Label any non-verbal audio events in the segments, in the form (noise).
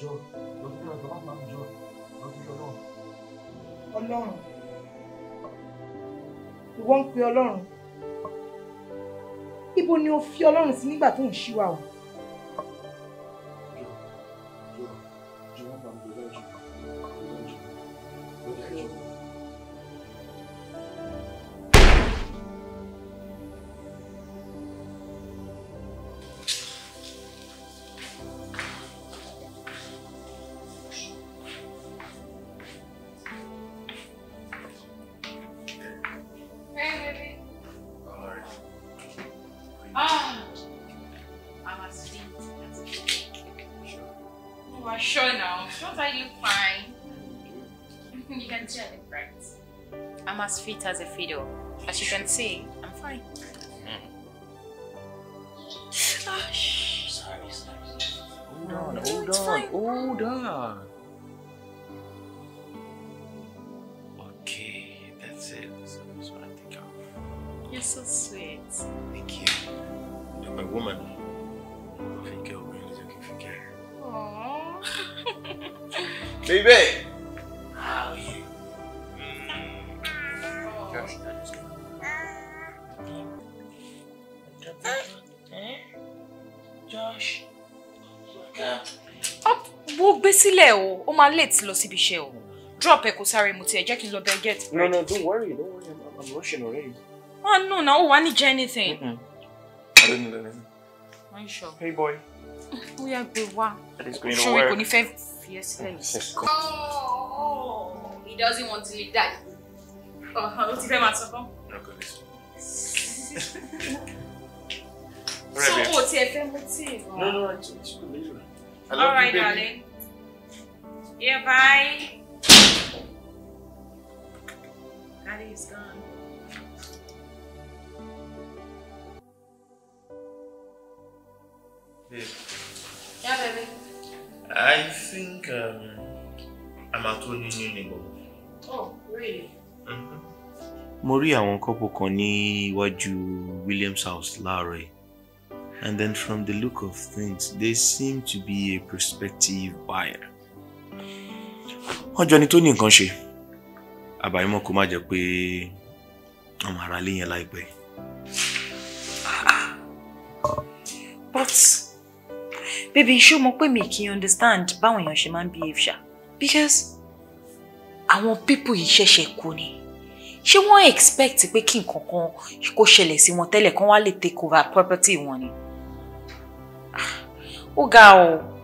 àwùjọ lọ sí kílọ̀ ìjọba fún àwùjọ lọ sí ọlọ́run. ọlọ́run ìwọ ń pe ọlọ́run ibo ni o fi ọlọ́run sí nígbà tó ń ṣíwá fit as a fiddle. As you can see, máa late lọ síbi iṣẹ́ o drop ẹ kò sáré mo tiẹ̀ jẹ́ kí n lọ bẹ get. no no don't worry don't worry i'm, I'm rushing already. ah no na o wa ni jẹ anything. Mm -mm. i don't need anything. are you sure. hey boy. ó yà gbé wá. that is going to work. ṣòro kò ní fẹ́ fi ẹ sílẹ̀ yìí. (laughs) oh he doesn't want to leave that. ọ̀hún ó ti fẹ́ máa sọ fún. (laughs) so o tiẹ̀ fẹ́ mú tíì. no no it's good later. I love All right, baby. darling. Daddy that is gone. Babe. Yeah, baby. I think um, I'm at only new neighbor. Oh, really? Mm-hmm. Maria rí àwọn kọ́pù kan Williams house Larry, And then from the look of things, they seem to be a prospective buyer. wọ́n jọ ni tó ní nǹkan ṣe àbáyọ̀mọ́ kó má jẹ́ pé ọmọ ara lé yẹn láìpẹ́. but baby ṣé o mọ̀ pé mi kì understand báwọn èèyàn ṣe máa ń behave ṣá because àwọn people yìí ṣẹ̀ṣẹ̀ kú ni ṣé wọ́n expect pé kí nǹkan kan kó ṣẹlẹ̀ sí wọn tẹ́lẹ̀ kán wá lè take over property wọn ni. Ah, ó ga o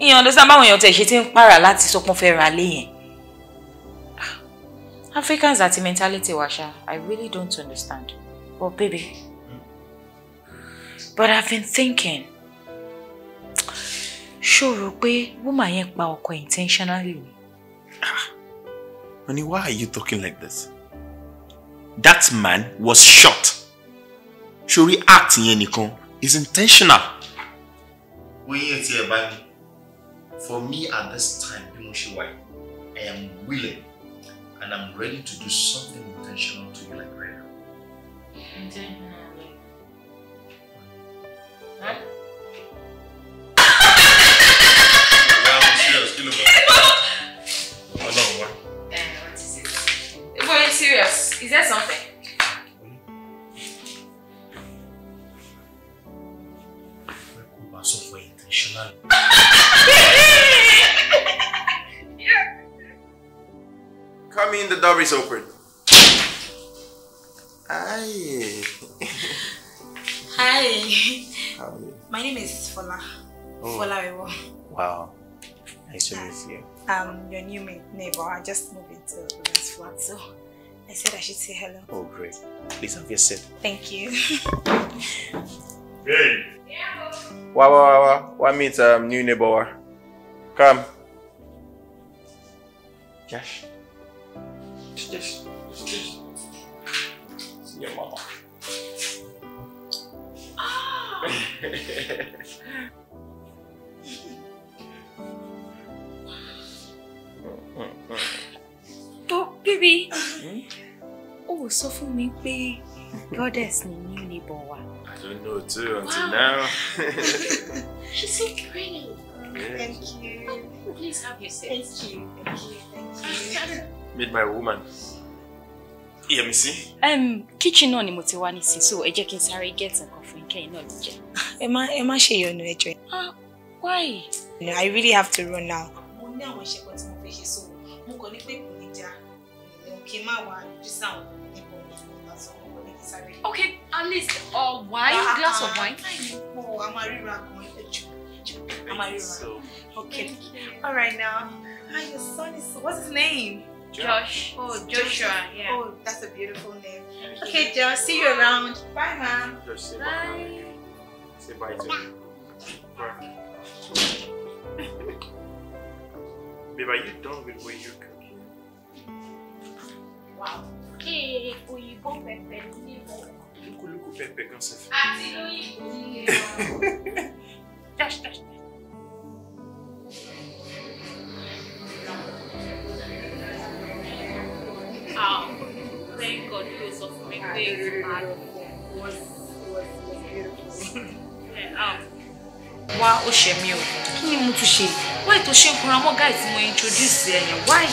ìyàn lè sábà àwọn èèyàn tẹ̀ ṣe ti ń pààrà láti sọ fẹ́ ra lé yẹn. Ah, Africans àti mentality wa ṣá I really don't understand but baby but I've been thinking ṣòro pé woman yẹn pa ọkọ intentionally ah, Honey, why are you talking like this? That man was shot. Ṣorí act yẹn nìkan is intentional. Oyin ẹ̀ tí ẹ bá ní. for me at this time, Bimushiwai, I am willing and I'm ready to do something intentional to you like right now. I'm doing that. Huh? Serious? Is there something? door is open. Hi. Hi. How are you? My name is Fola. Oh. Fola Ewo. Wow. Nice to meet you. Um, your new neighbor. I just moved into this flat, so I said I should say hello. Oh, great. Please have your seat. Thank you. hey. Yeah. Wow, wow, wow, wow. meet um, new neighbor. Come. Josh just gdzieś. Nie mama. tó bíbí Oh, sọ for me, be goddess ni new neighbor I don't know too until wow. now. She's so pretty. Thank you. Please have your seat. Thank you. Thank you. Thank you. made my woman. Yeah, Yẹmisí. Um, kitchen náà ni mo ti so ẹ jẹ́ kí n sáré get nǹkan fún kẹ́yìn náà ló jẹ. Ẹ má ẹ má ṣe ìyọnu Ah, why? No, I really have to run now. Mo ní àwọn ìṣẹ̀kọ̀ tí mo fẹ́ ṣe so mo kàn ní pé kò ní já kí n má wà ní sáwọn nípa ọ̀gbìn ọ̀gbà Okay, at least uh, wine, ah, glass of ah, wine. Ah, mo a máa ríra àwọn ẹgbẹ́ jù. A máa ríra. Okay, all right now. Hi, your son is what's his name? Josh. Oh, Joshua. Yeah. Oh, that's a beautiful name. Okay, Josh. See you around. Bye, ma'am. Just say bye. bye. Say bye to me. Bye. Babe, are you done with what you're cooking? Wow. Hey, òyìnbó pẹpẹ nílé lọ́wọ́. Lúkúlúkú pẹpẹ kan ṣe fún mi. Àti lóyìnbó nílé lọ́wọ́. Dash, dash, dash. wá ó ṣe mí o kí ni mo tún ṣe wáyé tó ṣe ń kunra mọ́ guy tí mo introduce ẹ̀yàn wáyé.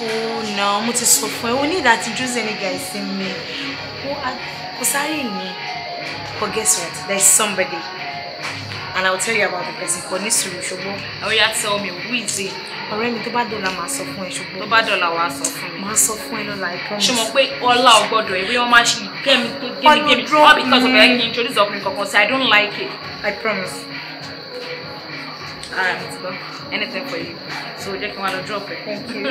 oh no mo ti sọ fún ẹ o need that introduce any guy sí mi kò sáré ìyẹn but guess what there is somebody and i will tell you about the person kò ní sùúrù ṣùgbọ́n. ó yá tell me who is it ọ̀rẹ́ mi tó bá dọ̀la máa sọ fún ẹ ṣùgbọ́n. tó bá dọ̀la wàá sọ fún mi. máa sọ fún ẹ lọ́la I promise. ṣé mo pé ọlá ọgbọ́dọ̀ ìwé wọn máa ṣe gẹ́mi tó gẹ́mi gẹ́mi all because of ẹ̀ kí n introduce ọkùnrin kankan so I don't like it. I promise. Alright, Anything for you. So Jack, you want to drop it? Thank you.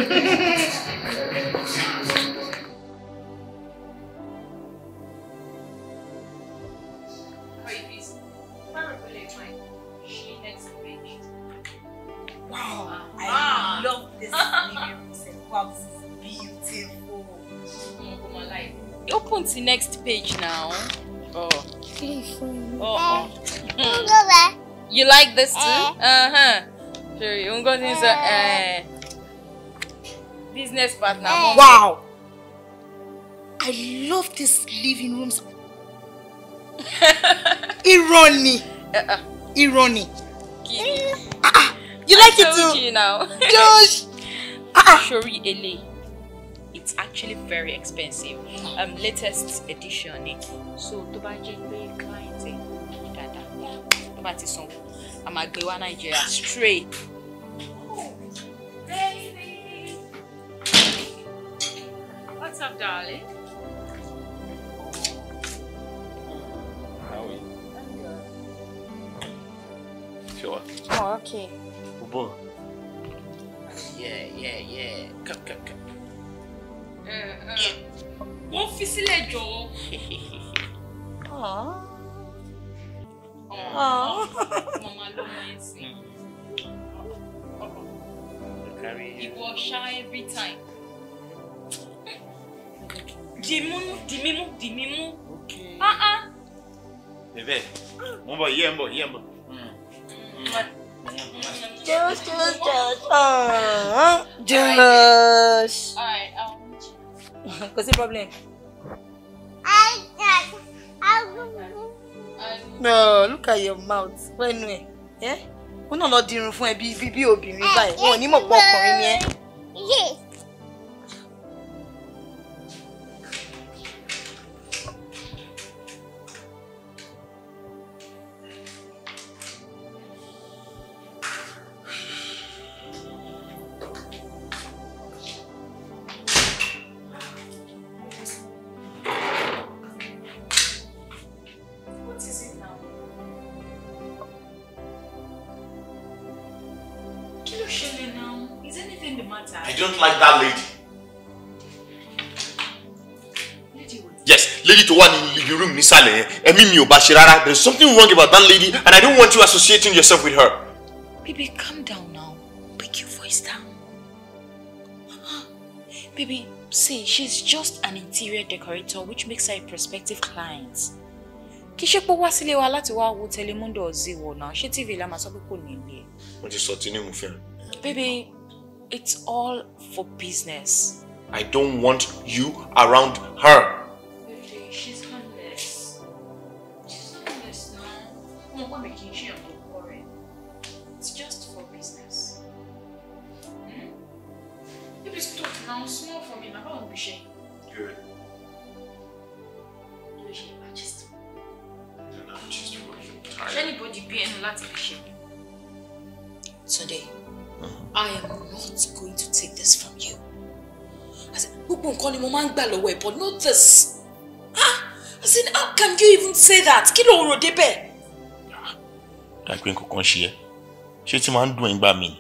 wow, I love this living room. Open to next page now. Oh. Oh. oh. You like this too? Eh. Uh huh. Sure, you to use uh, eh. a eh, business partner. Wow. I love this living room. (laughs) Irony. Uh-uh. Irony. You like it too? You now. Gosh. (laughs) Shuri, Ele. It's actually very expensive. Oh. Um, latest edition. So, to buy bá ti sanwó a máa gbé wá nàìjíríà straight. Baby. What's up, darling? How are you? I'm good. Sure. Oh, okay. Ubo. Yeah, yeah, yeah. Come, come, come. Uh, uh, wọ́n fi sílẹ̀ jọ̀ọ́. (laughs) Aww. Aww. Mama ló máa ń sìn. every time. Dìmú dìmímú dìmímú. Bẹ̀bẹ̀, mo ń bọ̀ yí ẹ̀ ń bọ̀ yí ẹ̀ ń bọ̀. Josh, Josh, Josh. Alright, I want you. (laughs) problem. I, got. I, no look at your mouth wẹ́nu ẹ̀ ẹ́ wọ́n no eh? Eh? not dirun fun? ẹ bí bí obìnrin báyìí wọn ò ní mọ̀ pọ̀ ọkùnrin ni Yes. ẹ̀mí mi ò bá ṣe rárá there is something wrong about that lady and I don't want you associating yourself with her. baby calm down now break your voice down (gasps) baby see she's just an interior decorator which makes her a prospective client kì í ṣe pé wá sílé wa láti wá wo telemundo ọ̀zẹ̀wò náà tv la sọ pé kò ní ilé. mo ti sọ tí ní fẹ́. baby it's all for business. I don't want you around her. Baby, she's this? Ah, I said, how can you even say that? Kilo ló rò débẹ̀? Dàgbé ah, nǹkan ṣe ẹ́, ṣé tí máa ń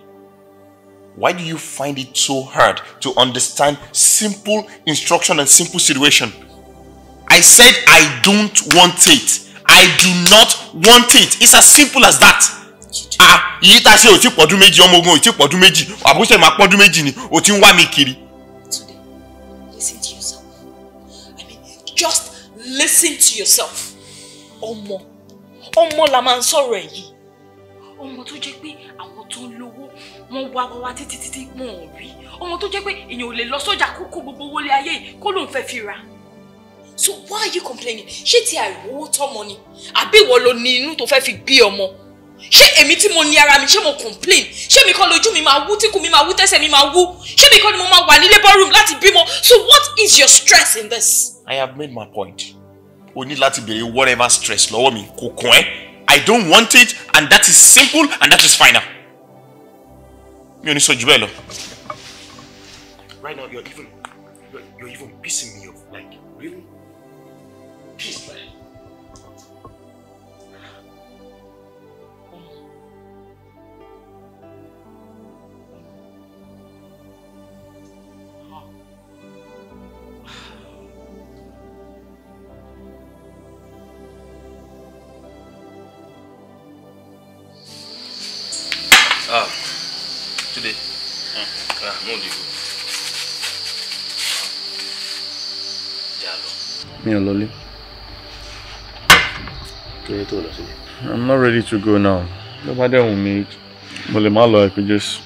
Why do you find it so hard to understand simple instruction and simple situation? I said I don't want it. I do not want it. It's as simple as that ah yìí tá a ṣe ò tí pọ̀dún méjì ọmọ ogun ò tí pọ̀dún méjì àbúṣe máa pọ̀dún méjì ni ò tí ń mi kiri listen to yourself ọmọ ọmọ la máa ń sọ̀rọ̀ ẹ̀ yìí ọmọ tó jẹ́ pé àwọn tó ń lówó wọ́n wá wá wá títí títí wọn ò rí ọmọ tó jẹ́ pé èèyàn ò lè lọ sọ́jà kó gbogbo owó lé ayé kó lóun fẹ́ fi ra. so why are you complaining ṣé ti àìrówó tọ́mọ ni àbí ìwọ ló ní inú tó fẹ́ fi bí ọmọ ṣé èmi tí mo ní ara mi ṣé mo complain ṣé mi kọ́ lójú mi máa wú tíkù mi máa wú tẹ́sẹ̀ mi máa wú ṣé mi kọ́ ni mo máa wà ní labour room láti bímọ so what is your stress in this. I have made my point o ní láti béèrè whatever stress lọ́wọ́ mi kò kàn ẹ́ i don't want it and that is simple and that is final mi ò ní sọ jù bẹ́ẹ̀ lọ. right now you're even you're, you're even pissing me off like really peace man. mi ò lọlé. kí ni i'm not ready to go now ló bá dẹ̀ wùn mí mo lè má i could just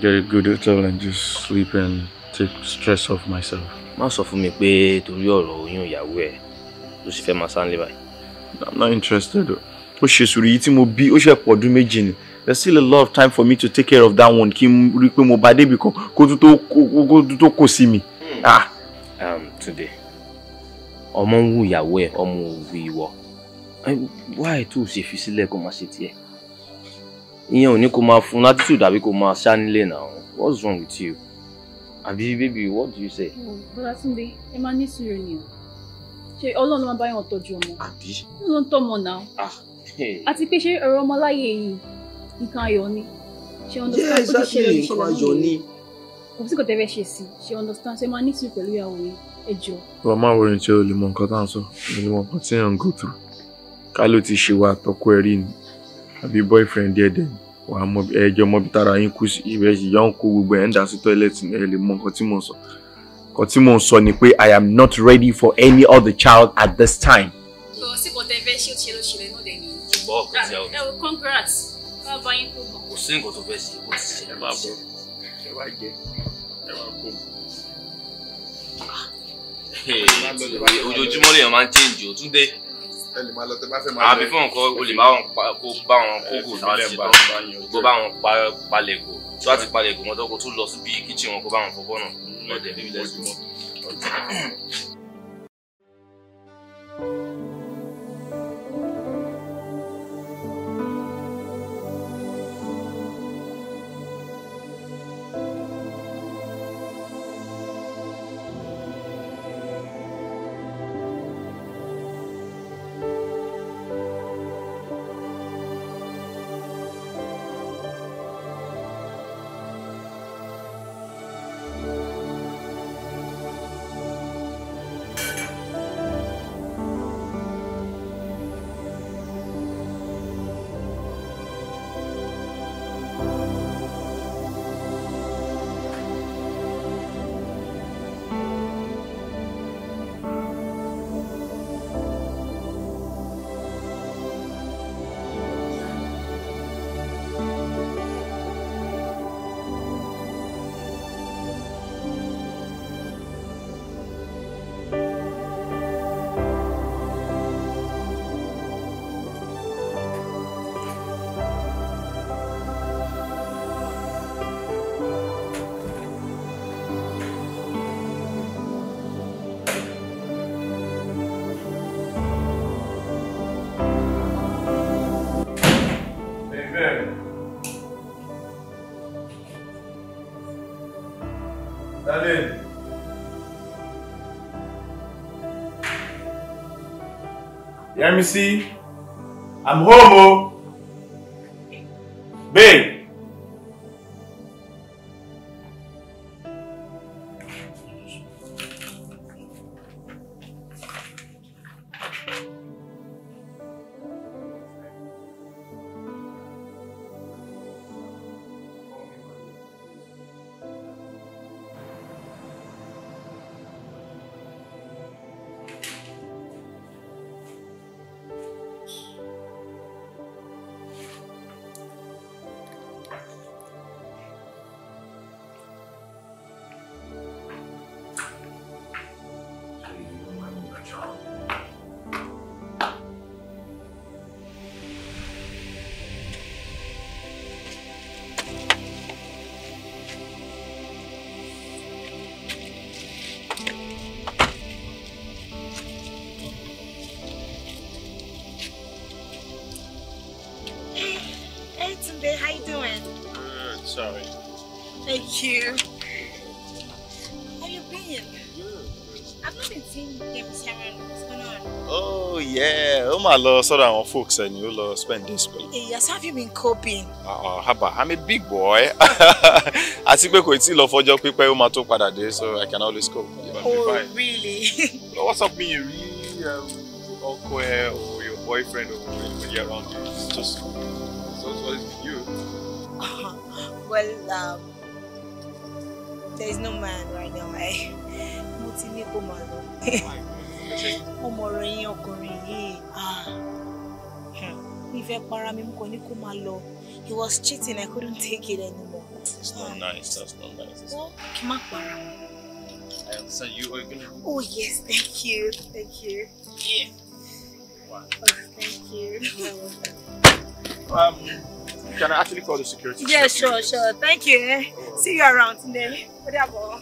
get a good hotel and just sleep and take stress off myself. má sọ fún mi pé torí ọ̀rọ̀ oyún ìyàwó ẹ̀ ló sì fẹ́ máa sá nílé i'm not interested o. ó mo bí ó ṣe pọ̀ there's still a lot of time for me to take care of that one kí n rí i pé mo bá débi kan kó tó kó mi. Hmm. ah. Um, today ọmọ ń wù ìyàwó ẹ ọmọ ò wù ìwọ wáì tó ṣe fi sílẹ̀ kó máa ṣe tiẹ̀ ìyẹn ò ní kó máa fún attitude àbí kó máa ṣá nílé náà what's wrong with you àbí baby what do you say. bọ́lá túnde ẹ máa ní sùúrù ni o ṣe ọlọ́run máa bá yàn tọ́jú ọmọ àbí ló ń tọ́mọ náà ah, àti pé ṣé ọ̀rọ̀ ọmọláyé yìí nǹkan ayọ̀ ni ṣe understand ó ti ṣẹlẹ̀ ìṣẹ̀lẹ̀ náà kò sí kò tẹ́fẹ́ ṣe sí ṣe understand ṣe máa ní sùúrù pẹ̀lú ìyàwó yìí ẹjọ. wọ́n máa wọrin tí o lè mọ nǹkan tá à ń sọ o lè tí yàn ń go through ká ti ṣe wa àtọ́kọ ẹ̀rí ni àbí boyfriend díẹ̀ ni wà á mọ ẹjọ́ mọ́bí tára yín kú sí ibẹ̀ ìyá ń kó gbogbo ẹ̀ ń dà sí tọ́ílẹ̀tì ẹ lè mọ nǹkan tí mò ń sọ nǹkan tí mò ń sọ ni pé I am not ready for any other child at this time. lọ sí kọtẹ fẹ ṣé o ṣe ló ṣe lẹ náà lẹ ṣùgbọ́n ọkọ tí a ò. ẹ o congrats bá bá yín kó mọ. kò sí nǹkan tó fẹ́ sí kò sí ṣe. ẹ máa bọ ẹ máa jẹ ẹ máa kó ojoojúmọ́ lèèyàn máa ń change o Túndé àbí fún nǹkan o kó bá wọn kókò láti tán kó bá wọn palẹ̀ kò tó láti palẹ̀ kò mọ́tò kó tún lọ síbi kíchìn wọn kó bá wọn fọwọ́ náà lọ́dẹ̀ bíbí lẹ́sìn. Let me see. I'm homo. Oh. you. How you been? I've not been seeing them Sharon. What's going on? Oh yeah, ó mà lọ sọ́dọ̀ àwọn folks and you lọ spend this week. Yes, have you been coping? Uh, haba, I'm a big boy. (laughs) Àti pé kò tíì lọ fọjọ́ pípẹ́ ó máa tó that day, so I can always cope. Oh really? so (laughs) what's up with you? Um, awkward eh, or your boyfriend or anybody around you? It's just so it's always you. uh Well, um, there is no man right now ẹ (laughs) eh, mo ti ní kó máa lọ ọmọ (laughs) ọ̀rọ̀ yín ọkùnrin yìí ah, hmm. mi fẹ́ para mi mú kọ ní kó máa lọ he was cheating I couldn't take it anymore. it's not ah. nice that's not nice. wọ́n kì í má para I understand you are gonna. (laughs) Oh yes, thank you, thank you. Yeah. Wow. Oh, thank you. um, Can I actually call the security? Yeah, sure, sure. Thank you. See you around today. Whatever.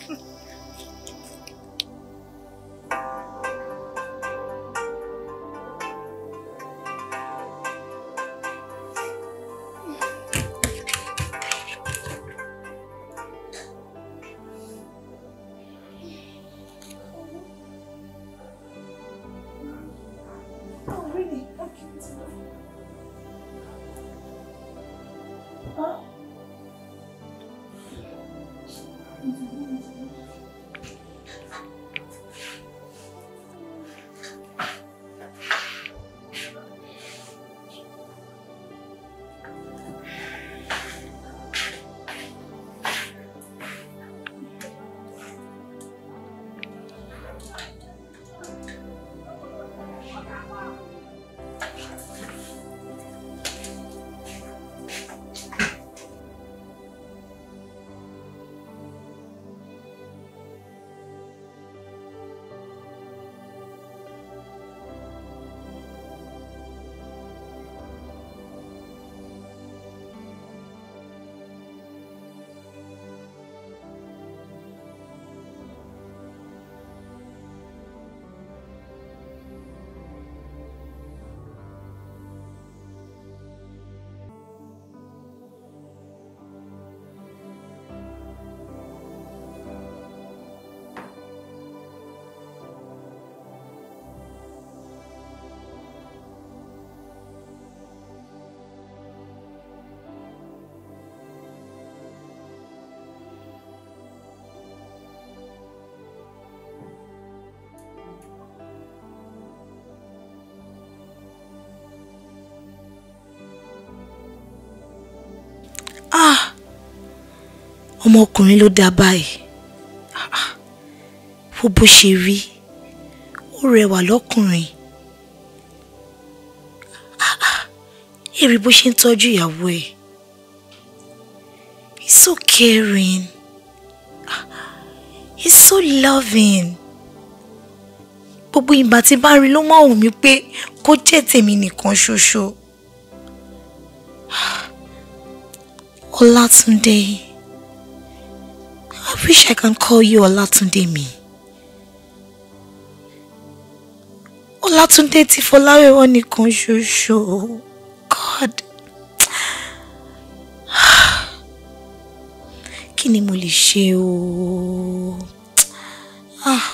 ọmọkùnrin ló dá báyìí wo ah, ah. bó ṣe rí ó rẹwà lọ́kùnrin èrè ah, bó ṣe ń tọ́jú ìyàwó ẹ̀ he's so caring he's so loving gbogbo ìgbà tí bá rí ló máa wù mí pé kó jẹ́ tèmi nìkan ṣoṣo Ọlátúndé. I wish I can call you Olatunde Olatunde ti Fọláwẹ́wọ́ nìkan ṣoṣo. God. Kí ni mo lè ṣe o? Ah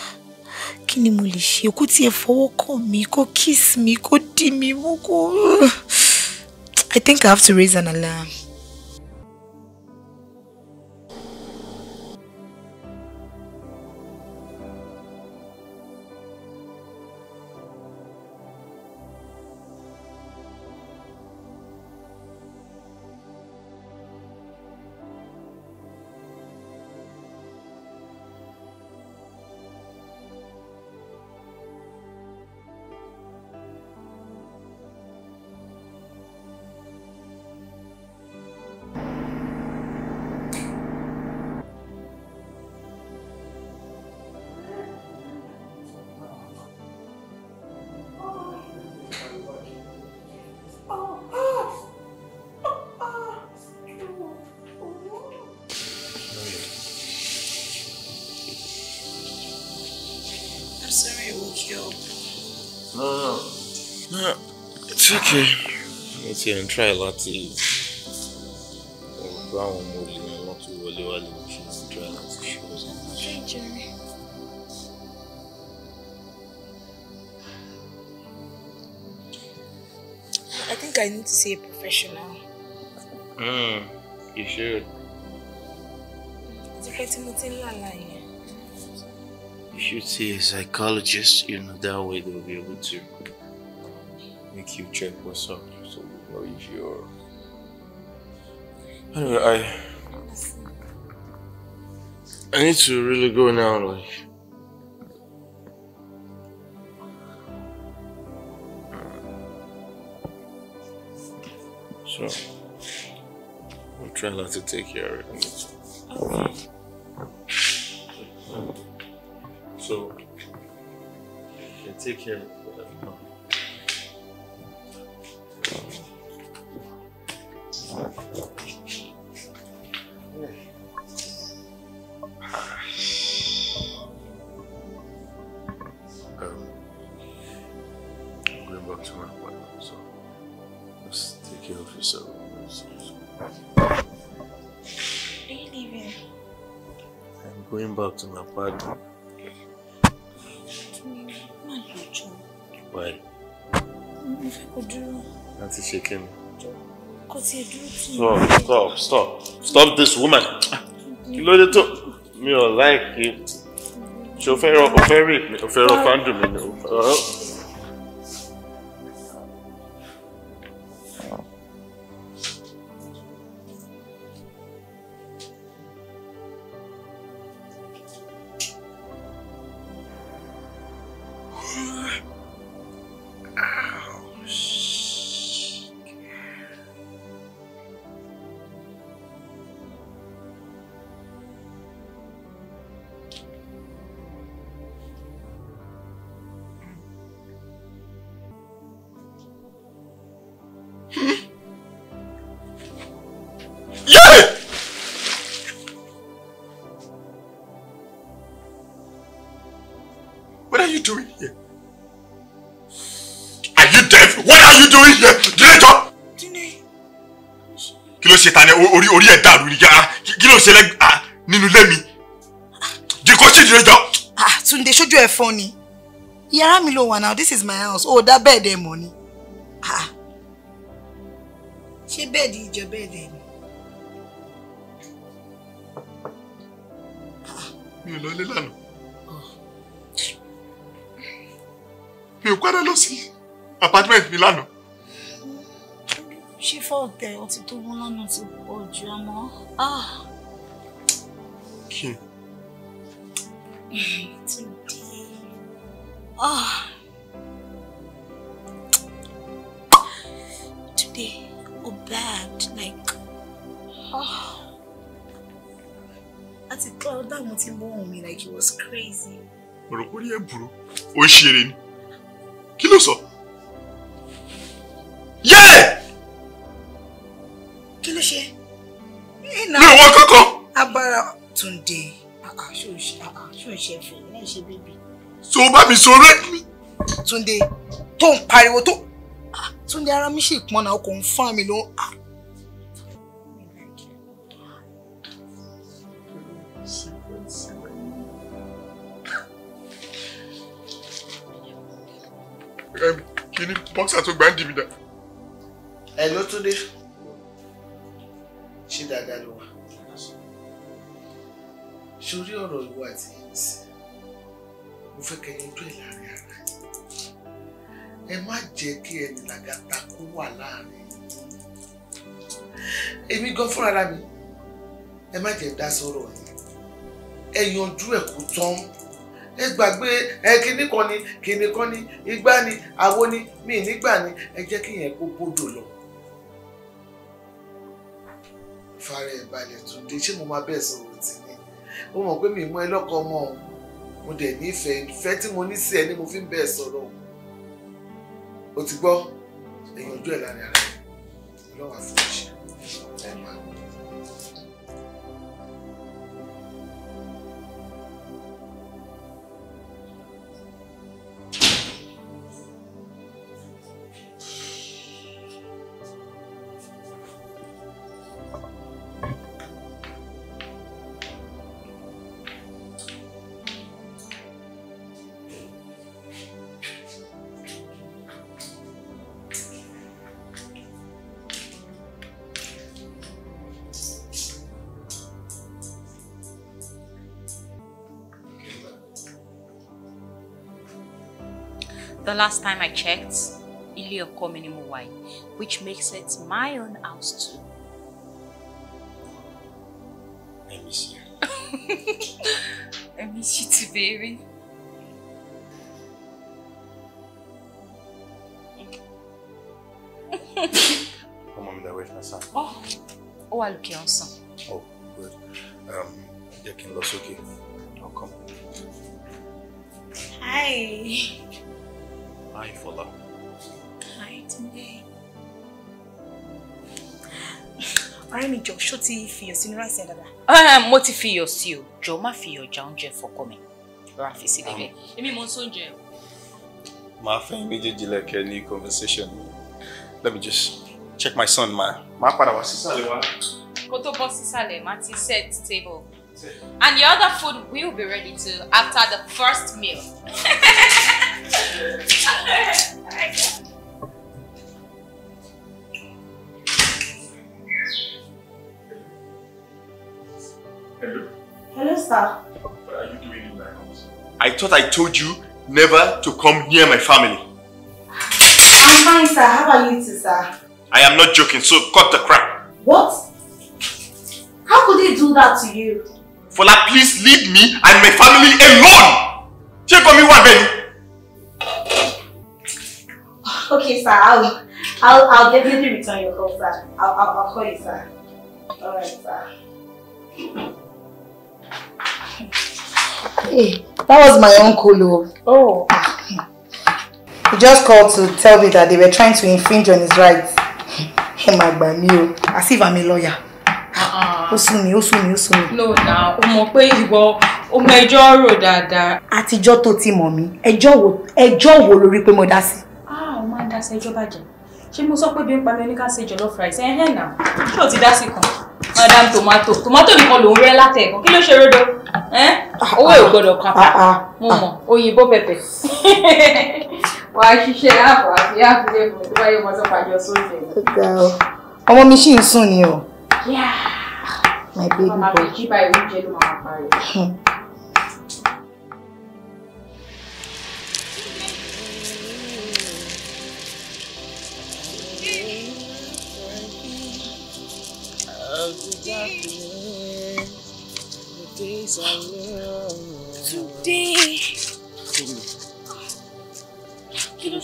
kí ni mo lè ṣe kó tiẹ̀ fọwọ́ kàn mí ko kiss mi ko dì mi mú I think I have to raise an alarm. here and try a lot of àwọn try I think I need to see a professional. Mm, you should. You should see a psychologist, you know, that way they'll be able to make you check what's up or if you're. Anyway, I. I need to really go now, like. So, I'll try not to take care of it. So, take care stop stop stop this woman kí ló dé tó mi ò láìkí ṣe o fẹ́ rọ o fẹ́ rí o fẹ́ rọ fándùn mi ni o. Uh-huh. orí ẹ̀ dàrú ni ah, kí ló ṣẹlẹ̀ ah, nínú ilé mi jìkọ́ sí ìdílé jọ. Túndé ṣojú ẹ fọ́ ni yàrá mi ló wà náà this is my house ó dá bẹ́ẹ̀dẹ̀ mọ̀ ni. Ah. ṣé bẹ́ẹ̀dì ìjọ bẹ́ẹ̀dẹ̀ ni. mi ò lọ ilé lánàá mi ò padà lọ sí apartment mi lánàá ṣé fọ́ọ̀tẹ̀ ọtí tó mú lọ́nà ti pọ̀ jù ọmọ. Ah. kí ni. Ah. today. Oh. today o bad like. Ah. àti cloud àwọn ti mú ohun mi like it was crazy. ọ̀rọ̀ kò rí ẹ̀ burú ó ṣeré ni kí ló sọ. yẹ́ẹ̀ ló ṣe. mi ò wọ́n kankan. abara Túndé ah, ah, ṣó ah, ṣe fún mi náà ṣe bébì. tó o bá mi sọ rẹ. Túndé tó ń pariwo tó Túndé ara mi kí ni bọ́ksà tó gbà ń dìbìdà. ẹ ló tún dé ṣé dáadáa ló wà sórí ọ̀rọ̀ ìwọ àti yìnyínsì mo fẹ́ kẹ́ yanjú ẹ̀ láàrin ara ẹ má jẹ́ kí ẹnì làgàtà kó wà láàrin èmi gan fúnra mi ẹ má jẹ́ dá sọ̀rọ̀ yìí ẹ yanjú ẹ̀ kó tán ẹ gbàgbé ẹ kíní kan ni kíní kan ni igbá ni àwo ni mi nígbà ni ẹ jẹ́ kí yẹn kó bódò lọ. fara ẹ̀ balẹ̀ tó dé ṣé mo máa bẹ́ẹ̀ sọ̀rọ̀ tì ní mo mọ̀ pé mi mú ẹ lọ́kọ ọmọ o mo dẹ̀ nífẹ̀ẹ́ ìfẹ́ tí mo ní sí ẹ ni mo fi ń bẹ́ẹ̀ sọ̀rọ̀ o o ti gbọ́ ẹ̀yìn ojú ẹ̀ lára ẹ̀ lọ́wọ́ àfọwọ́ṣe ẹ̀ máa last time I checked, Ile of Kominimuwai, which makes it my own house too. I miss you. (laughs) I miss you too, baby. Come on, that my son. Oh, oh, i look handsome. Oh, good. Um, you can look okay. ọ̀rẹ́ mi jọ ṣó ti fiyọ̀ sínú ráìsì ẹ̀ dáadáa. Ehm, mo ti fiyọ̀ sí o jọ má fiyọ̀ já oúnjẹ fọkọ mi rà fi sí gẹ́gẹ́. Ah. èmi mo ń sọ oúnjẹ o. màá fẹ́ méjèèjì lẹ́kẹ̀ẹ́ ní conversation let me just check my son ma Ma, padà wá sísàlẹ̀ wá. kó tó bọ́ sísàlẹ̀ má ti set table and the other food will be ready too after the first meal. (laughs) What are you doing in my house? I thought I told you never to come near my family. I'm fine, sir. How are you sir? I am not joking, so cut the crap. What? How could he do that to you? Fola, please leave me and my family alone! Check on me one baby! Okay, sir. I'll, I'll, I'll definitely return your call, sir. I'll, I'll, I'll call you, sir. Alright, sir. Hey, that was my uncle. Oh. oh. He just called to tell me that they were trying to infringe on his rights. Ẹ má gbà mí o, as if I'm a lawyer. Uh-uh. Ó sú mi, ó sú mi, ó sú No now o mọ̀ pé ìwọ o mẹjọ́ rò dáadáa. Àtijọ́ tó ti mommy. mí, ẹjọ́ wo ẹjọ́ wo lórí pé mo dá Ah, o máa ń dá sí ẹjọ́ bàjẹ́. Ṣé mo sọ pé bí n pa mi oníkà ṣe jollof rice? Ẹ̀hẹ́n náà, ṣé ti dá sí madam tomato tomato nìkan ló ń rẹ́ látẹ̀kọ́ kí ló ṣe rodo owó ò gbọ́dọ̀ kan ah, ah, mo mọ̀ òyìnbó ah. pẹ̀pẹ̀ wàá ṣiṣẹ́ ààbò àti àbúlé fún tó bá yẹ mọ́tò pàjọ sóde. ọmọ mi ṣì ń sùn ni o. my baby boy. mi jí báyìí oúnjẹ ló máa parí. Hmm. Today. Kí ló ń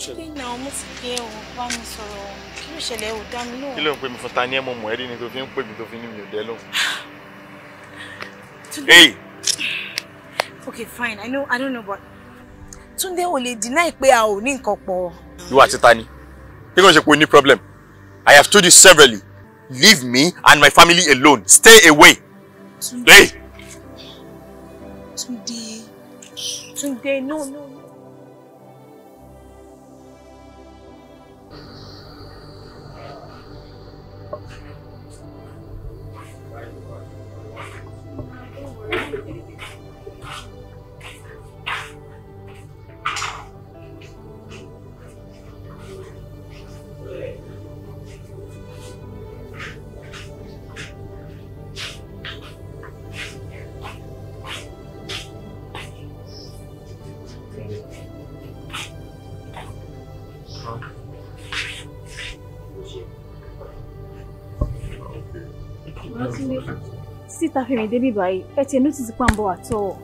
pè mí fún ta ni mọ̀ ẹ́ ni tó fi ń pè mí tó fi ní mi ò dẹ́ lóhùn? Hey! Okay fine, I know I don't know but Túndé ò lè deny pé a ò ní nǹkan pọ̀. Ìwọ àti ta ni? Kí ló ń ṣe pé o ní problem? I have told you severally Leave me and my family alone. Stay away. Today. Stay. Today. no, no. fi rìn débi báyìí ẹ ti notice pa ń bọ̀ àtọ́.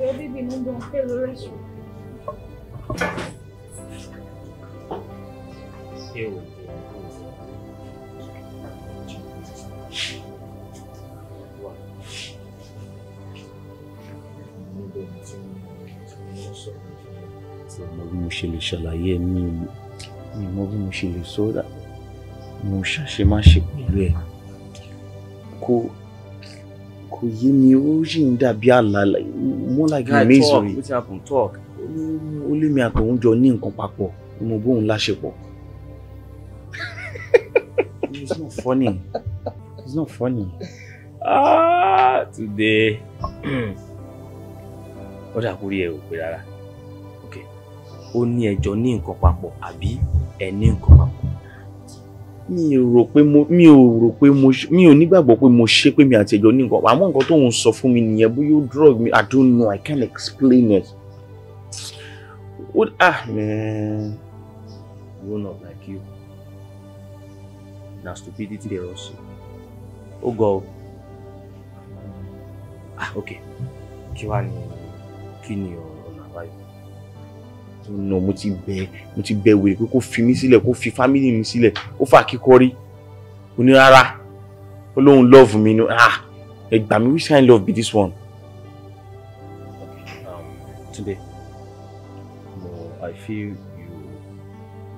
Your baby mo ń bọ̀ pé lórí ẹ̀sùn. Ṣé o lè kó o wà? Mo bọ̀ tí mo sọ̀rọ̀. Mo bí mo ṣe lè ṣàlàyé mi, mo bí mo ṣe lè sọ́dà mo ṣàṣemáṣe pẹ̀lú ẹ̀ kò kò yé mi ó sì ń dàbí àlá more like a maze rẹ̀ ó lé mi àtọ̀hún jọ ní nǹkan papọ̀ mo bóun láṣepọ̀ it's not funny it's not funny. ah today ó dà kúrí ẹ ò pé rárá ó ní ẹjọ́ ní nǹkan papọ̀ àbí ẹ ní nǹkan papọ̀ mi ò rò pé mo mi ò rò pé mo mi ò nígbàgbọ́ pé mo ṣe pé mi àti ẹ̀jọ́ ní nǹkan àmọ́ nǹkan tó ń sọ fún mi nìyẹn bóyá ó drug me. I don't know I can't explain it. ó ah man grown up like you na stupidity dey rush you ó gọ ah okay. kí wàá ní kí ni ọ̀rọ̀ dùnà mo ti bẹ̀ mo ti bẹ̀ wèrè pé kó fi mí sílẹ̀ kó fi fámìlì mi sílẹ̀ kó fà kíkọrí oní rárá ó lóun love mi ni ah ẹ gbà which kind love be this one. Um, Tunde mo I feel you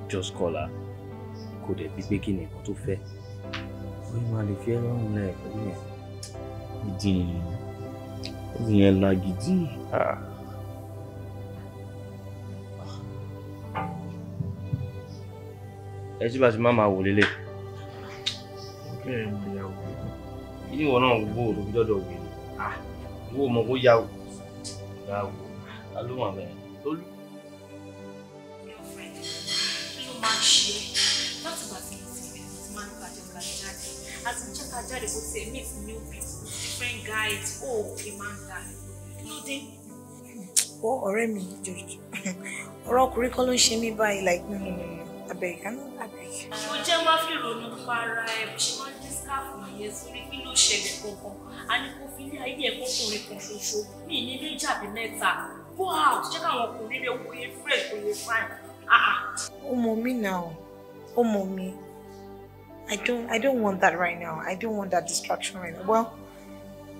just call her kò dẹ̀ bí pé kí ni nǹkan tó fẹ́ ó máa lè fi ẹ́ lọ́rùn náà ẹ̀ yẹn. gidi yẹn gidi yẹn ah. la gidi. ẹ tí bá ti má máa wò lélẹ̀. ilé ìwọ náà wò ó lóbi dọ́dọ̀ wò ó wò ó mọ kó yá wò ó ta ló wà bẹ́ẹ̀ lólú. As we check our daddy, we say meet new people, different guys. Oh, okay, man, guy. No, they ó ọ̀rẹ́ mi jòjò ọ̀rọ̀ ọkùnrin kan ló ń ṣe mí báyìí like no no no abeg i no abeg. ṣó jẹ́ wá fi ronú para ẹ̀ bó ṣe máa ń dín skáàfù yẹn sórí kí ló ṣẹlẹ̀ kankan a ní kó fi ní ayé ẹ̀ kọkùnrin kan ṣoṣo ní ilé méjì àbí mẹ́ta go out jẹ́ káwọn ọkùnrin rẹ̀ wòye fresh wòye fine. Ah, ah. ó mọ mi náà ó mọ mi I don't I don't want that right now I don't want that distraction right now well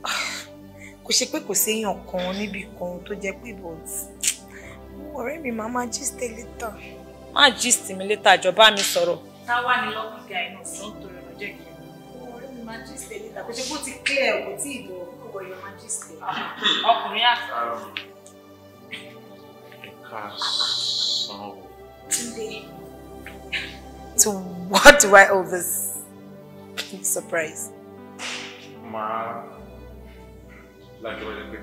(sighs) kò ṣe pé kò séèyàn kan níbi kan tó jẹ́ pé but ọ̀rẹ́ mi máa máa jí stay later má gist mi létà ìjọba mi sọ̀rọ̀. tá a wà ní lọ́kì ga iná sí nítorí ọ̀rọ̀ jẹ́ kí n mọ̀. ọ̀rẹ́ mi máa gist ẹ̀ létà kò ṣe bó ti clear kò tí ì bọ̀ kó yọ máa gist ẹ̀. Ah, ọkùnrin àti. ẹ̀ka sanwó. Tunde. To what do I owe this surprise? Ma, like you were the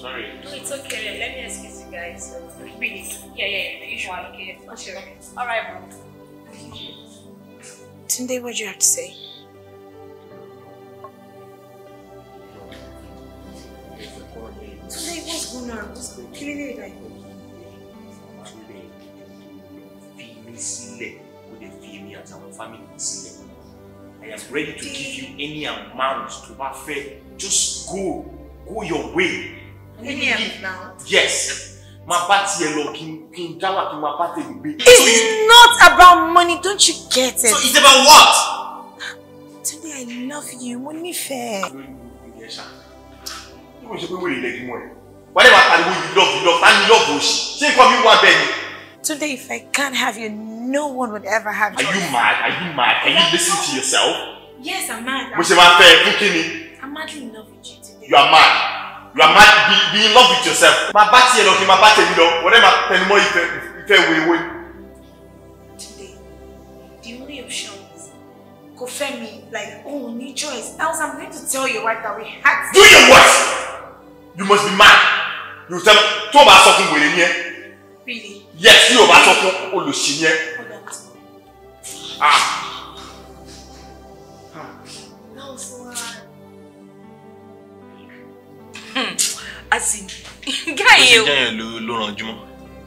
Sorry. No, it's okay. Let me excuse you guys. Please. Uh, yeah, yeah, yeah. You sure? Okay. Oh, sure. All right, bro. Tunde, what do you have to say? Tunde, what's going on? What's going on? Really, like, sílẹ̀ kó lè fi èmi àtàwọn family sílẹ̀ I am ready to give you any amount tó bá just go go your way Williams now. Yes. Máa bá tiẹ̀ lọ kí n kí n It's not about money, don't you get it? So it's about what? Today I love you, money fair. Ìyẹn ṣá, bí mo mm, ṣe pé wèrè lẹ́gbẹ̀ẹ́ mọ́ ẹ̀, wọ́n lè máa pariwo you love you love, ta ni love òṣì, ṣé nǹkan mi wà bẹ́ẹ̀ Today if I can't have you, no one would ever have you. Are you mad? Are you mad? Can you listen to yourself? Yes, I'm mad. Mo ṣe máa fẹ́ ẹ fún kí I'm madly in love with you today. You are mad you are mad be be in love with yourself máa bá tiẹ̀ e lọ kí máa bá tèmi lọ wọ́n dẹ́ máa tẹnu mọ́ ìfẹ́ ìfẹ́ wéwé. today the only option is kò fẹ́ mi like oh, ní choice else i'm going to tell your wife that we had. do your work you must be mad you tell tó o bá sọ fún wèrè ni ẹ. really yes tí o bá sọ fún olùsí ni ẹ. ah. as in (laughs) guy yẹn o. bó ṣe eh, jẹ́ yẹn ló ràn jùmọ̀.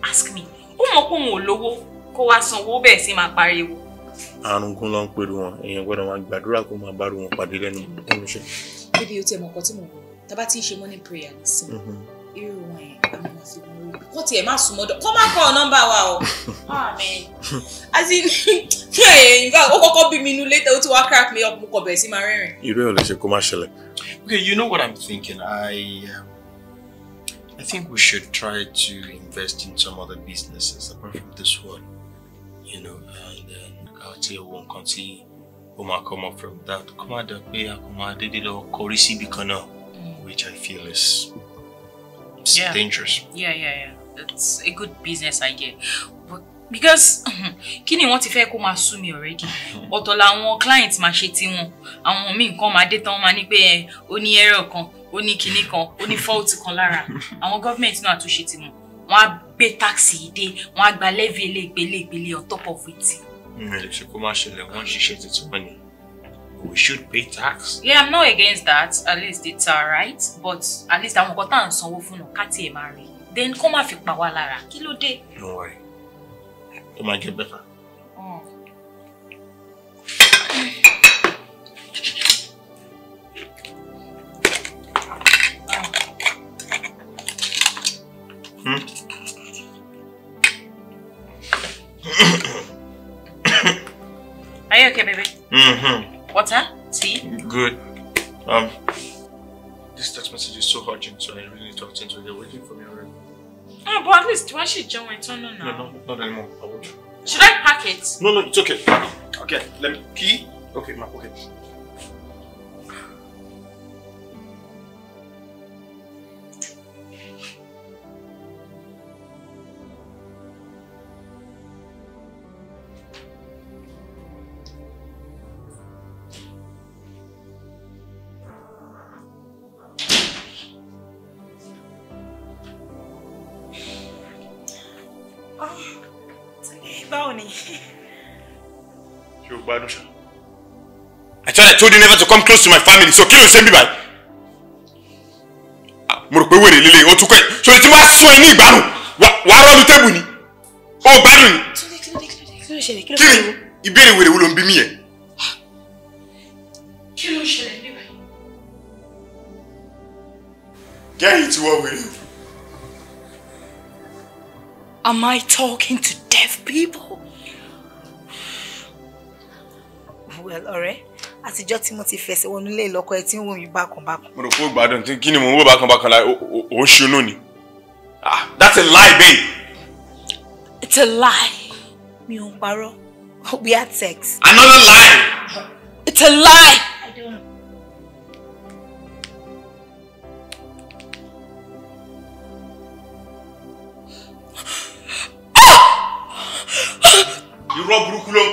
ask me ó mọ̀ pé òun ò lówó kó wá sanwó bẹ́ẹ̀ sì máa pariwo. àrùn gun ló ń pèrò wọn èèyàn gbọ́dọ̀ máa gbàdúrà kó máa bárò wọn pàdé lẹ́nu ẹnu iṣẹ́. bíbi o ti ẹ̀mọ̀ kan tí mo wọ̀ tábà tí ń ṣe morning prayer nísìn mm-hmm. irú wọn yẹn àmì máa fi wọn lórí kó tiẹ̀ má sùn mọ́dọ̀ kó má kọ́ nọ́mbà wa o. (laughs) as in kí (laughs) ẹ̀yẹ̀ ó kọ́kọ́ bí mi inú later ó ti wá crack me up mo kọ̀ bẹ̀rẹ̀ sí máa rẹ́rìn. irú ò lè ṣe kó má ṣẹlẹ̀. okay you know what i'm thinking i um, I think we should try to invest in some other businesses apart from this one, you know, and then our tier one kan tí ó máa come up from that. Kó má dà pé a kò máa dédé lọ kọrí mm. which I feel is yeah. dangerous. Yeah, yeah, yeah. It's a good business idea. But because (laughs) kí ni if ti fẹ́ kó me already? But all our clients máa ṣe tiwọn àwọn míì nǹkan máa dé tán máa ní pé ó ní ẹ̀rọ ó ní kinní kan ó ní fọ́ọ̀tì kan lára àwọn gọ́ọ̀mẹ̀ntì náà àtúnṣe ti mọ̀ wọ́n á gbé táàkì yìí dé wọ́n á gba lẹ́ẹ̀fì eléègbéléègbélé on top of it. Hmm, ṣe kó má ṣẹlẹ̀ wọ́n ṣiṣẹ́ tuntun wọn ni we should pay tax. yeah i'm not against that at least it's alright but at least àwọn nǹkan tá sanwó fún un ká tiẹ̀ máa rí then kó má fi pa wá lára kí ló dé. don't worry it might get better. Hmm? (coughs) Are you okay, baby? Mm-hmm. Water? Tea? Good. Um, this text message is so urgent, so I really need to attend to it. They're waiting for me already. Oh, but at least why should John wait on now? No, no, not anymore. I won't. Should I pack it? No, no, it's okay. Okay, let me Key. Okay, ma, okay. told you never to come close to my family so kí ló ń ṣe mí báyìí. Ah, mo rò pé wèrè líle o tún kọ́ ẹ̀ sori tí wàá sún ẹ ní ìgbárùn wàá rọ́ọ̀lù tẹ́bù ni o gbádùn ni. kí ni ìbéèrè wèrè wo ló ń bí mi yẹn. kí ló ń ṣẹlẹ̀ ní báyìí. kẹ́hìn tí wọ́n wèrè o. Am I talking to deaf people? (sighs) Well, alright àtijọ́ tí mo ti fẹsẹ̀ wọnú ilé ẹ tí ń wò mí bákanbákan. mo rò pé ìgbádùn kí ni mò ń wò bákanbákan la ò ń ṣunú ni ah that's a lie babe. it's a lie mi ò parọ́ we had sex. another lie. it's a lie. You don't. irọ́ burúkú ló ń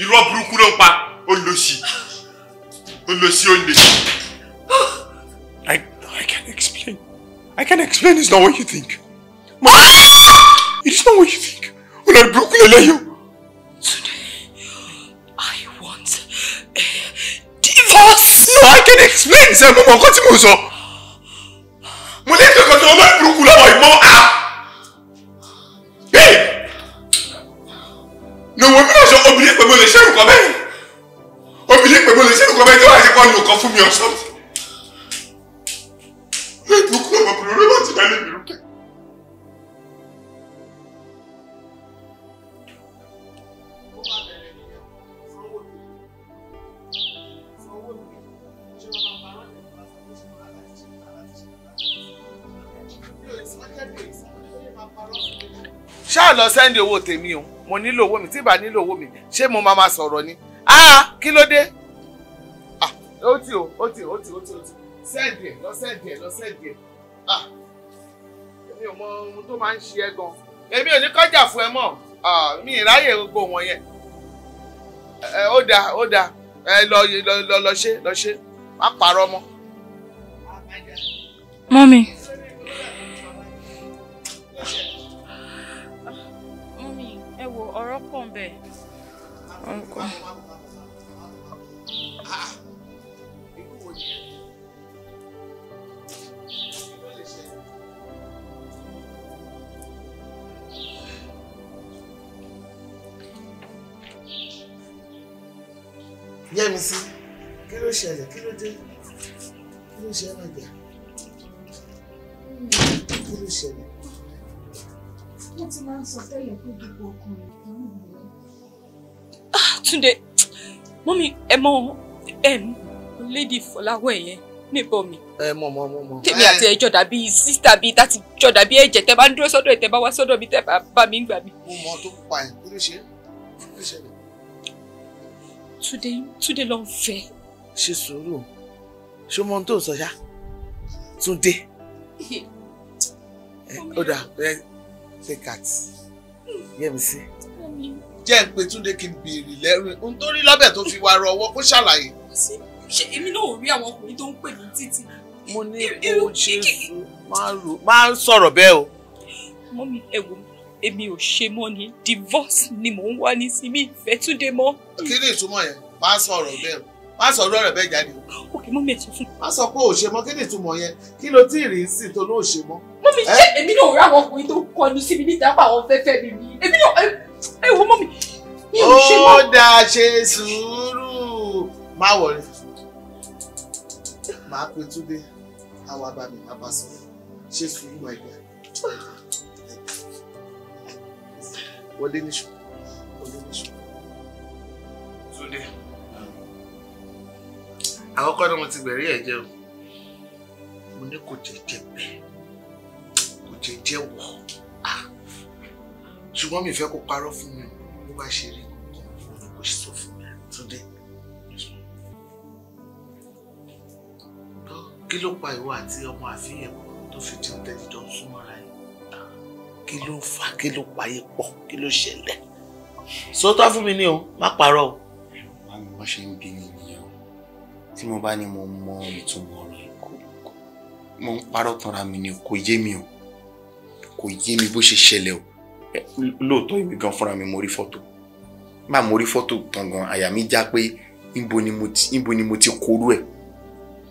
irọ́ burúkú ló ń pa olóṣì olóṣì olè. I I can explain I can explain it's not what you think Ma it's not what you think olórí burúkú lè Today, I want a divorce. No, I can explain sẹ́ mo mọ̀ nǹkan tí mo sọ. máa lò kan fún mi ọ̀sán. ìbùkún ọmọbìnrin ló máa ti dálé mi rúkẹ́. ṣáà lọ sẹ́ndì owó tèmi o mo nílò owó mi tí ìbá nílò owó mi ṣé mo máa ma sọ̀rọ̀ ni. Ah, kí ló dé ó tì ó ó tì ó tì ó tì ó tì sẹ́ẹ̀dì ẹ̀ lọ sẹ́ẹ̀dì ẹ̀ lọ sẹ́ẹ̀dì ẹ̀ ah èmi ò mọ ohun tó máa ń ṣe ẹ gan èmi ò ní kọjá fún ẹ mọ́ ah! mi ìráyè gbogbo wọn yẹn ẹ eh, eh, ó dáa ó dáa ẹ eh, lọ lọ lọ ṣe lọ ṣe má parọ́ mọ́. mọ́mi. mọ́mi ẹ wo ọ̀rọ̀ pọ̀ ń bẹ ọ̀rọ̀ pọ̀ ń bẹ. ló ṣẹlẹ̀ àjà kí ló ṣẹlẹ̀. wọ́n ti máa ń sọ tẹ́lẹ̀ pé gbogbo ọkùnrin kan ń bọ̀. Ah, Túndé mọ́mí ẹ mọ lady Fọláwẹ́ yẹn níbọ̀ mi. ẹ mọ mọ mọ mọ. tèmi àti ẹjọ dàbí sísítà bíi tá ti jọ dàbí ẹ̀jẹ̀ tẹ bá ń dúró sọ́dọ̀ ẹ tẹ bá wá sọ́dọ̀ mi tẹ bá bá mi ń gbà mí. mo mọ tó pa ẹ kí ló ṣe kí ló ṣẹlẹ̀. Túndé Túndé ló ń ṣe sùúrù ṣé o mọ ohun tó ń sọ ṣá Túndé ó dà ẹ ṣe cat yẹ mi sí. jẹ́ ń pe Túndé kí n béèrè lẹ́rìn ohun tó rí lábẹ́ tó fi wá rọ ọwọ́ kó ṣàlàyé. ṣé èmi náà ò rí àwọn ọkùnrin tó ń pè ní títì. mo ní kó Jésù máa ń sọ̀rọ̀ bẹ́ẹ̀ o. mọ́ mi ẹ wò èmi ò ṣe mọ́ ni divorce ni mò ń wá ní sí ìfẹ́ Túndé mọ́. kí ni ìtumọ̀ yẹn máa sọ̀rọ̀ bẹ́ẹ̀ o má sọ ọ̀rọ̀ rẹ̀ bẹ́ẹ̀ jáde o. òkè mú mi tuntun. má sọ pé ò ṣe mọ kí ni ìtumọ̀ yẹn kí ló tí ì rí sí tó ló ṣe mọ. mú mi ṣe èmi náà rà àwọn ọkùnrin tó kọnu sí mi níta pa àwọn fẹ́fẹ́ mi rí èmi náà ẹ wo mọ́ mi. ó dáa ṣe sùúrù má wọlé máa pe túndé àwa bá mi má bá sọ ṣe sùúrù ẹgbẹ wọlé níṣó wọlé níṣó. túndé àkọ́kọ́ ni mo ti gbẹ̀rí ẹ̀ jẹ́ o mo ní kò jẹ́ jẹ́ bẹ́ẹ̀ kò jẹ́ jẹ́ wọ̀ ah! ṣùgbọ́n mi fẹ́ kó parọ́ fún mi bó bá ṣe rí kò sọ fún mi Túndé. kí ló pa ìwọ àti ọmọ àfihàn tó fi ti ń tẹ́lẹ̀ jọ súnmọ́ra yìí kí ló fà kí ló payé pọ̀ kí ló ṣẹlẹ̀ sótọ́ fún mi ní o má parọ́ o. báwo ni wọ́n ṣe ń bí mi tí mo bá ní mo mọ ìtumọ̀ ọ̀rọ̀ ikú mo ń parọ́ tanra mi ni kò yé mi o kò yé mi bó ṣe ṣẹlẹ̀ o lóòótọ́ èmi gan fúnra mi mo rí fọ́tò má mo rí fọ́tò tán àyà mi já pé níbo ni mo ti korú ẹ̀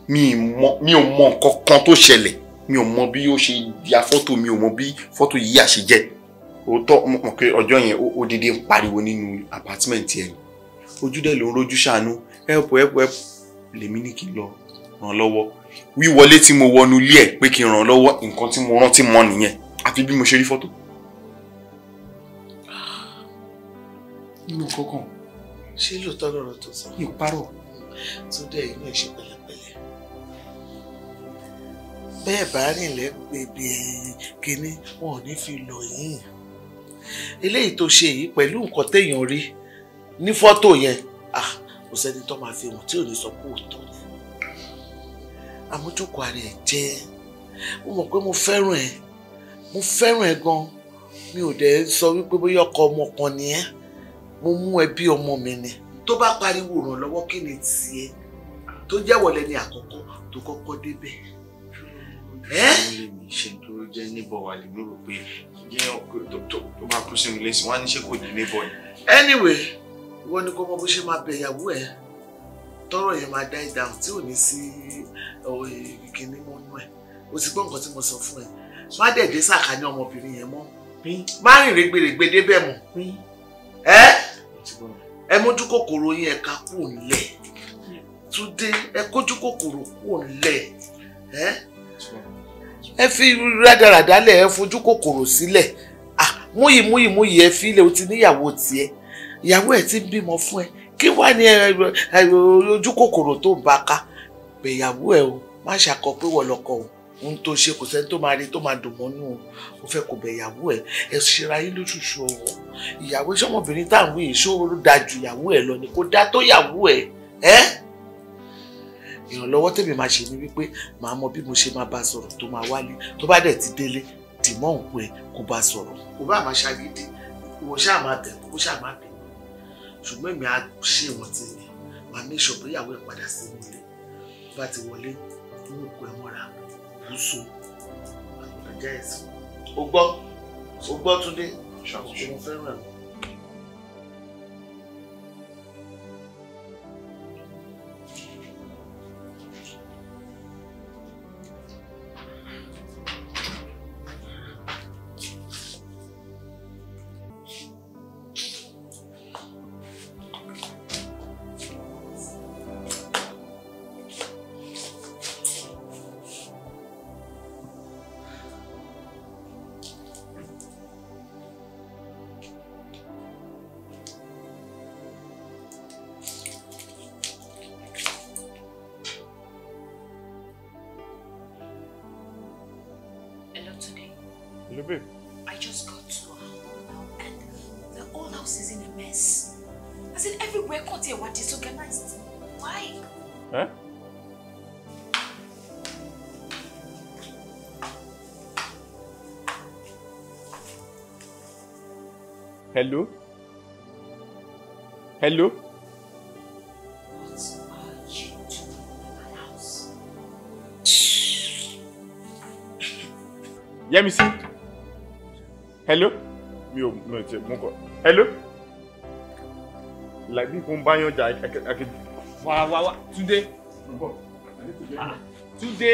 mi ò mọ nǹkan kan tó ṣẹlẹ̀ mi ò mọ bí ó ṣe ya fọ́tò mi ò mọ bí fọ́tò yìí yà ṣe jẹ́ òótọ́ mọ̀ pé ọjọ́ yẹn ó dédé ń pariwo nínú apátímẹ̀ntì ẹ̀ ojú dẹ̀ ló ń rojú ṣàánú help help help lèmi ní kí n lọ ràn lọ́wọ́ wíwọlé tí mo wọnú ilé ẹ̀ pé kí n ràn lọ́wọ́ nǹkan tí mo rántí mọ́ nìyẹn àfi bí mo ṣe rí fọ́tò. nínú kọ̀ọ̀kan ṣé lóòótọ́ lọ́rọ̀ tó sọ. mi ò parọ́. tó dé inú ẹ̀ ṣe pẹ̀lẹ́pẹ̀lẹ́. bẹ́ẹ̀ bá rìn lẹ́gbẹ̀ẹ́bí kínní wọn ò ní fi lọ yín. eléyìí tó ṣe yìí pẹ̀lú nǹkan téèyàn rí ní fọ́tò yẹn kò sẹ́ni tó máa fi hàn tí ò ní sọ pé òótọ́ ni àmójókòó ara ẹ̀ jẹ́ mo mọ̀ pé mo fẹ́ràn ẹ̀ mo fẹ́ràn ẹ̀ gan mi ò dẹ̀ sọ wípé bóyá ọkọ ọmọ kan ni ẹ́ mo mú ẹ bí ọmọ mi ni tó bá pariwo ìrànlọ́wọ́ kí ni tiẹ̀ tó jẹ́wọ́ lẹ́ni àkọ́kọ́ tó kọ́kọ́ débẹ̀. ẹ́ ṣe tó jẹ́ níbọ̀ wà lè mi rò pé yẹn tó máa kú sínú ilé sí ní ṣe kò ní níbọ̀ ni. anyway ìwọ ni kò mọ bó ṣe máa bẹ ìyàwó ẹ tọrọ yẹn máa dá ẹ dáhùn tí ò ní sí ìkíní mọnú ẹ o ti gbọ́ nǹkan tí mo sọ fún ẹ má dẹ̀dẹ̀ sàkání ọmọbìnrin yẹn mọ́ má rìn rẹ̀gbẹ̀rẹ̀gbẹ̀ débẹ̀ mọ́ ẹ ẹ mójú kòkòrò yín ẹ ká kúrò nílẹ̀ túndé ẹ kójú kòkòrò kúrò nílẹ̀ ẹ ẹ fi rádaràdálẹ̀ ẹ fojú kòkòrò sílẹ̀ múyìmúyìmúyì ẹ fi ilẹ̀ o ti níyàwó tiẹ̀ ìyàwó ẹ̀ ti ń bímọ fún ẹ kí wá ní ojú kòkòrò tó ń bá ká gbèyàwó ẹ o má ṣàkọ pé wọ́n lọ́kọ o ohun tó ṣe kò sẹ́ni tó máa rí tó máa dùn mọ́nú o mo fẹ́ kó bẹ̀yàwó ẹ̀ ẹ̀ ṣera yín lóṣooṣù ọwọ́ ìyàwó sọmọbìnrin tá à ń wí ìṣòro da ju ìyàwó ẹ̀ lọ ni kò dá tó ìyàwó ẹ̀ ẹ́ ìrànlọ́wọ́ tèmi máa ṣe ni wípé màá mọ bí mo ṣe máa bá a sọ̀rọ̀ tó máa wálé tó bá dẹ̀ ti délé dìmọ́ òun pé kó bá a sọ̀rọ̀ kò bá àmà ṣagídí ìwọ ṣáà máa bẹ̀ kó ṣáà máa bẹ̀ ṣùgbọ́n èmi á ṣe ìwọ̀n tí mi màá mi ṣọ̀ pé ìyàwó ẹ̀ padà sí inú ilé bá ti wọlé inú òkú ẹ̀ mọ́ra bùsù àtọ̀jà ẹ̀sìn. o gbọ́ o gbọ́ Túndé ṣàkóso mo fẹ́ràn ẹ̀ Hello? Hello? What are you doing in my house? Yẹ́misí? Hello? Mi ò mi ò tiẹ̀ mú kọ. Hello? Làbí kò ń bá yàn jà àkejì. Wà wà wà Túndé. Túndé.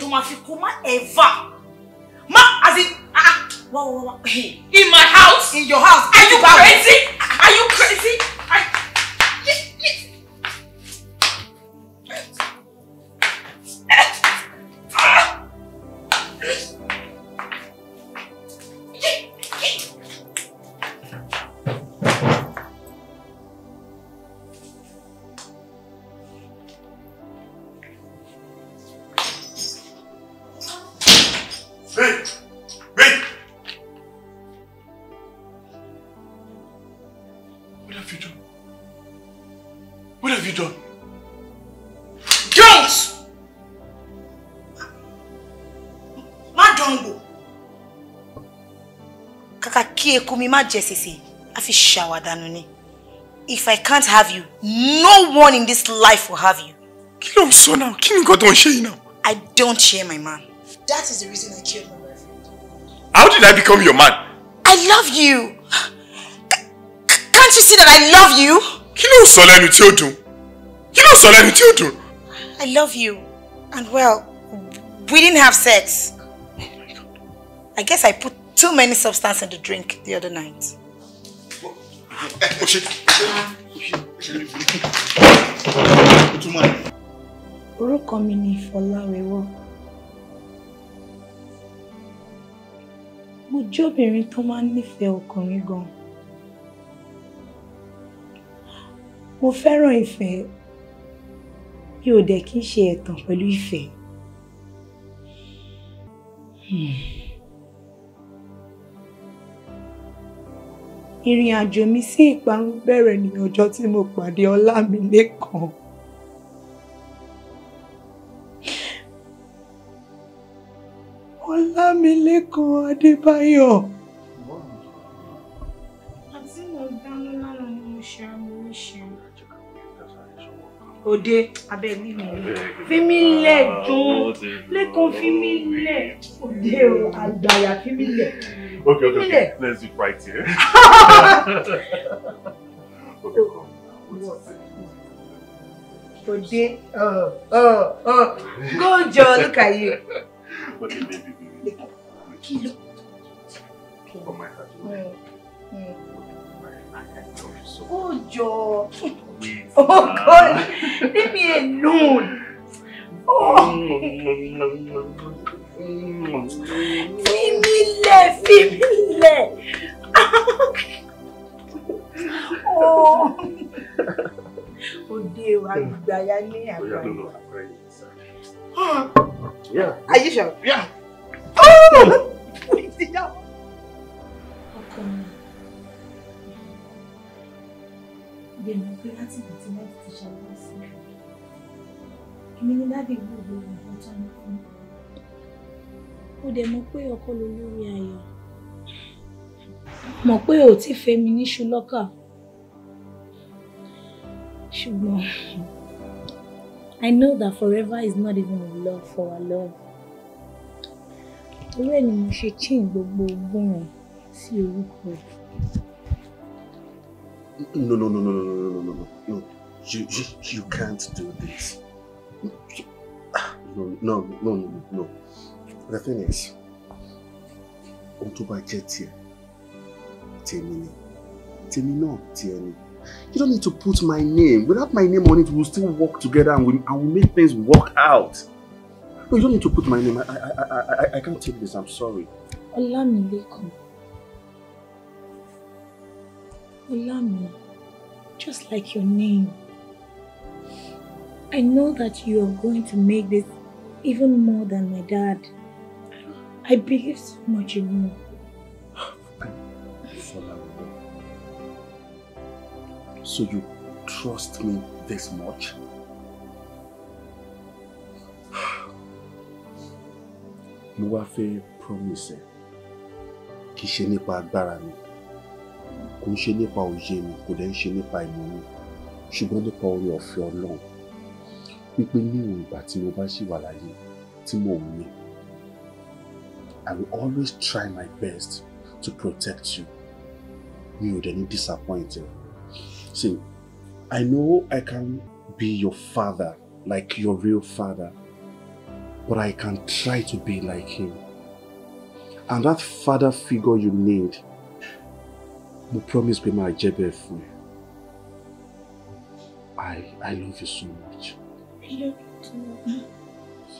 tó máa fi kú má ever má as in ah wá wá wá in my house in your house are you crazy. kí eku mi má jẹ sèse if i can't have you no one in this life will have you. Kill ló ń sọ náà kí ni nǹkan tó ń ṣe yìí i don't share my man. that is the reason i killed my boyfriend. how did i become your man. i love you. can't you see that i love you. Kill ló ń sọ lẹ́nu you ó dùn kí ló ń sọ lẹ́nu tí i love you and well we didn't have sex. Oh I guess I put too many substance in the drink the other night. Orúkọ mi ni Fọláwẹ́wọ́. Mo jẹ́ obìnrin tó máa ń nífẹ̀ẹ́ ọkùnrin gan. Mo fẹ́ràn ìfẹ́, mi ò dẹ̀ kí ń ṣe ẹ̀tàn pẹ̀lú ìfẹ́. Hmm. ìrìn àjò mi sí ìparun bẹ̀rẹ̀ ní ọjọ́ tí mo pàdé Ọlámilékan. Ọlámilékan Adébáyọ̀. àti mo dáná lánàá ni mo ṣe àmúrí Òde. Abẹ́ ní mi. Fi mí lẹ̀ jọ̀ọ́. Lẹ́kọ̀ọ́ fi mí lẹ̀. o, àgbàyà fi mí Okay, okay, okay. Let's do right here. okay, Òde. Uh, uh, uh. Go, Joe. Look at you. Okay, baby, baby. Kilo. Oh, my heart. Mm. Mm. I, I love you so much. Go, Joe. Oh, oh God. Leave me alone. Oh. Leave me there. Leave me there. oh. Oh, dear. I'm dying. I'm dying. Yeah. Are you sure? Yeah. Oh! Please, sit down. lè mọ̀ pé láti ìgbà tí láti ti gbogbo ìgbà tó ń fún mi dẹ̀ mọ̀ pé ọkọ ló lórí ayọ̀ mọ̀ pé ò tí fẹ́ níṣu lọ́kà ṣùgbọ́n I know that forever is not even love for our love torí ẹ̀ ni mo ṣe chin gbogbo ogún rẹ̀ sí orúkọ rẹ̀. No, no, no, no, no, no, no, no, no, no. You, you, you can't do this. No, no, no, no, no. The thing is, ohun tó bá jẹ́ tiẹ̀, tèmi You don't need to put my name. Without my name on it, we'll still work together and we'll, and we'll make things work out. No, you don't need to put my name. I, I, I, I, I can't take this. I'm sorry. Ọlámilékan. Olami, just like your name. I know that you are going to make this even more than my dad. I believe so much in you. So you trust me this much? Mo promise ẹ kì kò ń ṣe nípa òye mi kò dẹ̀ ń ṣe nípa ìmọ̀ mi ṣùgbọ́n nípa orí ọ̀fẹ́ ọlọ́run wípé ní òun ìgbà tí mo bá ṣì wà láyé tí mo ń ní I will always try my best to protect you mi ò dẹ̀ ní disappoint you see I know I can be your father like your real father but I can try to be like him and that father figure you need You promise me my JBF, I I love you so much. i love you too.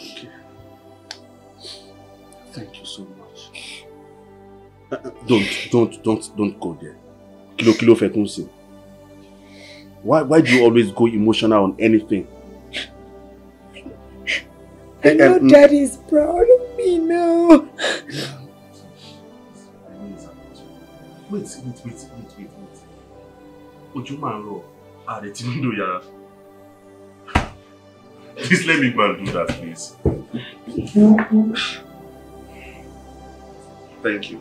okay thank you so much. Uh, uh, don't don't don't don't go there Kilo kilo, kí why why do you always go emotional on anything. I eh, know eh, mm. daddy is proud of me now wait wait wait wait wait wait ojú man, ń rọ ààrẹ tí ń yàrá please let me go and do that please. Thank you.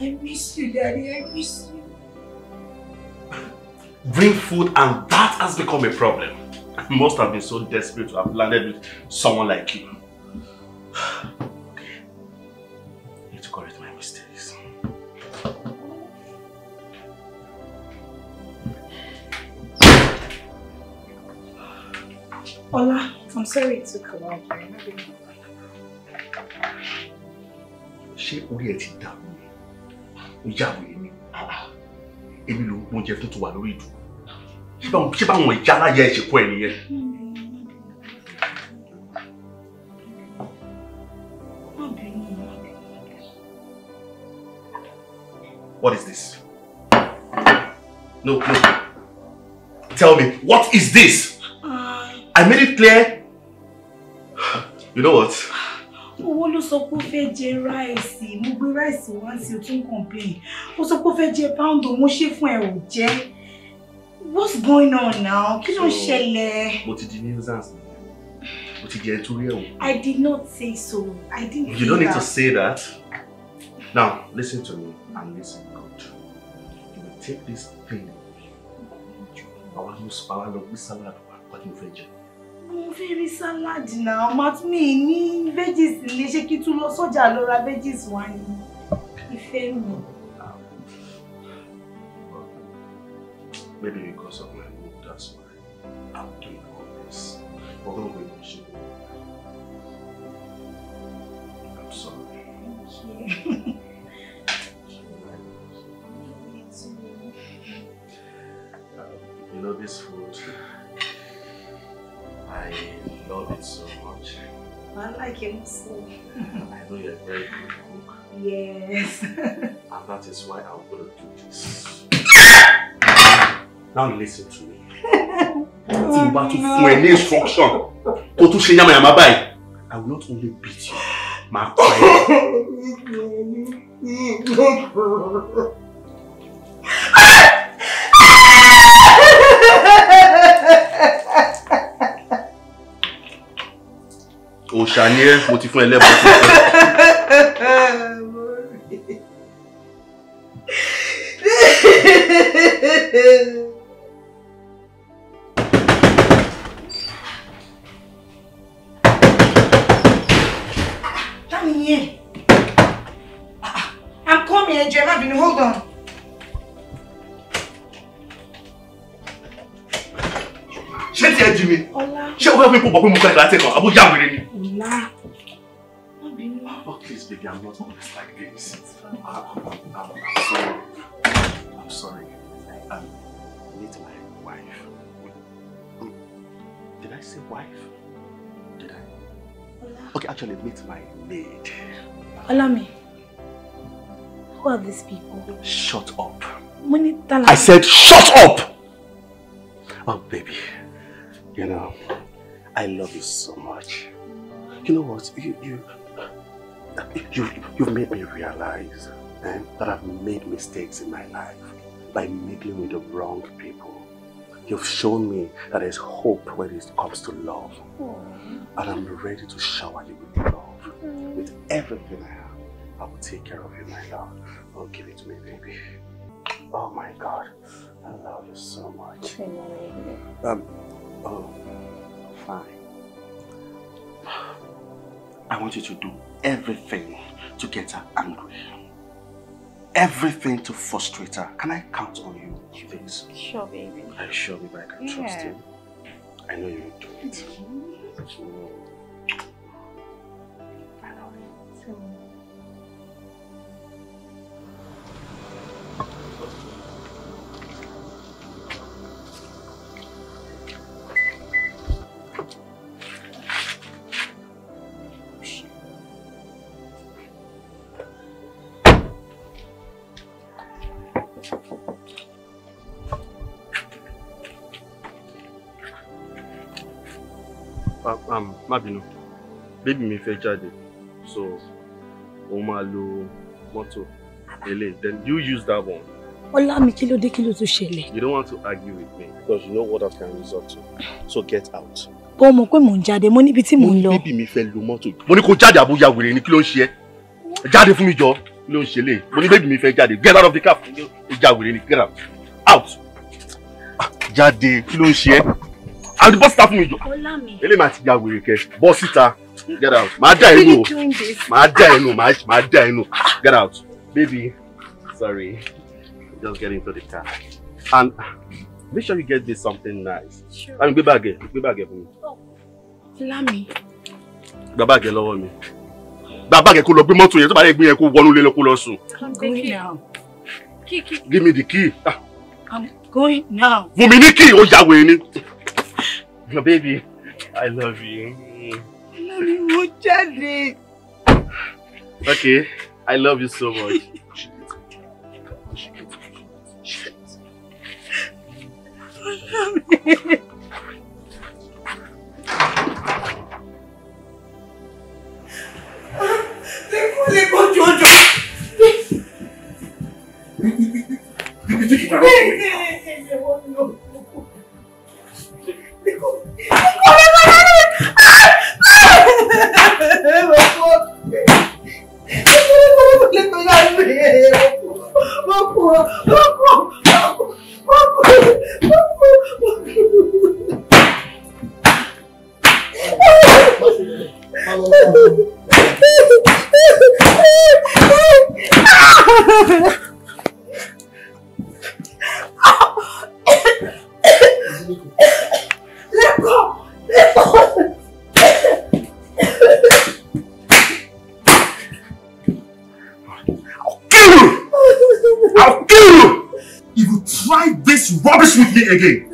I miss you, Daddy. I miss you. Bring food and that has become a problem. I must have been so desperate to have landed with someone like you. Ola, I'm sorry it took a while, but I'm not going to ṣé orí ẹ ti dàrú ni ó yàwó yẹn ni èmi ló gbọ́n jẹ tó ti wà lórí ìdù ṣé báwọn ìjà aláya ẹ̀ ṣe kọ́ ẹ nìyẹn. What is this? No, no. Tell me, what is this? I made it clear. You know what? Owó ló sọ pé ó fẹ́ jẹ ráìsì, mo gbé ráìsì wá sí o tún complain. Ó sọ pé ó fẹ́ jẹ pound o, mo ṣe fún ẹ ò jẹ́. What's going on now? Kí ló ń ṣẹlẹ̀? Mo ti di nuisance. Mo ti jẹ torí ẹ̀ I did not say so. I didn't You don't that. need to say that. Now, listen to me and listen good. You will take this thing. pain. Àwọn ọmọ sọ̀rọ̀ lọ gbé sáláàdù wa, kọ́ni mo fẹ́ jẹ mo fẹ́ rí sálàdì náà ọmọ tí mi ní veggies lè ṣe kí tún lọ sọ́jà lọ ra veggies wá ní ìfẹ́ mi. Maybe because of my mood, that's why I'm doing all this. But don't worry, she I'm sorry. Thank you. um, (laughs) you know this food. I love it so much. I like it so. (laughs) I know you're a very good cook. Yes. (laughs) and that is why I'm gonna do this. Now listen to me. Tí n bá tún fún ẹ ní instruction, kó tún I will not only beat you, màá pa (laughs) òòṣà ni ẹ mo ti fún ẹ lẹ́bọ̀ tó fẹ́. Ah, ah, hold on. Ṣé ti ẹ jí mi? Ṣé o fẹ́ fún ipò bọ̀ pé mo I'm, I'm sorry. I'm sorry. I meet my wife. Did I say wife? Did I? Okay, actually, meet my maid. Allow me. who are these people? Shut up. I said shut up! Oh, baby, you know, I love you so much. You know what? You, you, you, you've made me realize eh, that I've made mistakes in my life by mingling with the wrong people. You've shown me that there's hope when it comes to love. Aww. And I'm ready to shower you with love. Mm. With everything I have. I will take care of you, my love. Oh, give it to me, baby. Oh my God, I love you so much. Um, oh, fine. I want you to do everything to get her angry everything to frustrate her. Can I count on you, please? Sure, baby. Are you sure, baby? I can yeah. trust you. I know you will do it. Mm -hmm. bínú bébì mi fẹ́ jáde so òun máa lo mọ́tò eléyìí then you use that one. ọlá mi kí ló dé kí ló tún ṣẹlẹ̀. you don't want to argue with me because you know what that can result to so get out. kò mọ̀ pé mò ń jáde mo níbi tí mò ń lọ. bébì mi fẹ́ lo mọ́tò. mo ní kó jáde àbúyá wèrè ni kí ló ń ṣe ẹ́ jáde fún mi jọ kí ló ń ṣe lé mo ní bébì mi fẹ́ jáde get out of the car ìjà wèrè ni get out out ah, jáde kí ló ń ṣe ẹ́. I'll bust staff me. Olami. Ele ma ti ya wèrè ke. Bust it Get out. Ma da inu. Ma da inu, ma ma da inu. Get out. Baby. Sorry. Just get into the car. And make sure you get this something nice. Sure. I mean, back bag ẹ. back bag for me. mi. Oh. Olami. Gba bag ẹ lọ́wọ́ mi. Gba bag ẹ kó lọ gbé mọ́tò yẹn tó bá lè gbé yẹn kó wọnú lé lọ kó lọ sùn. I'm going now. Key, key. Give me the key. Ah. I'm going now. Fún mi ní key, ó ya ni. (laughs) No, baby, I love you. I love you more, Charlie. Okay, I love you so much. I love you. Jojo! Vou pôr. Vou pôr. aquí.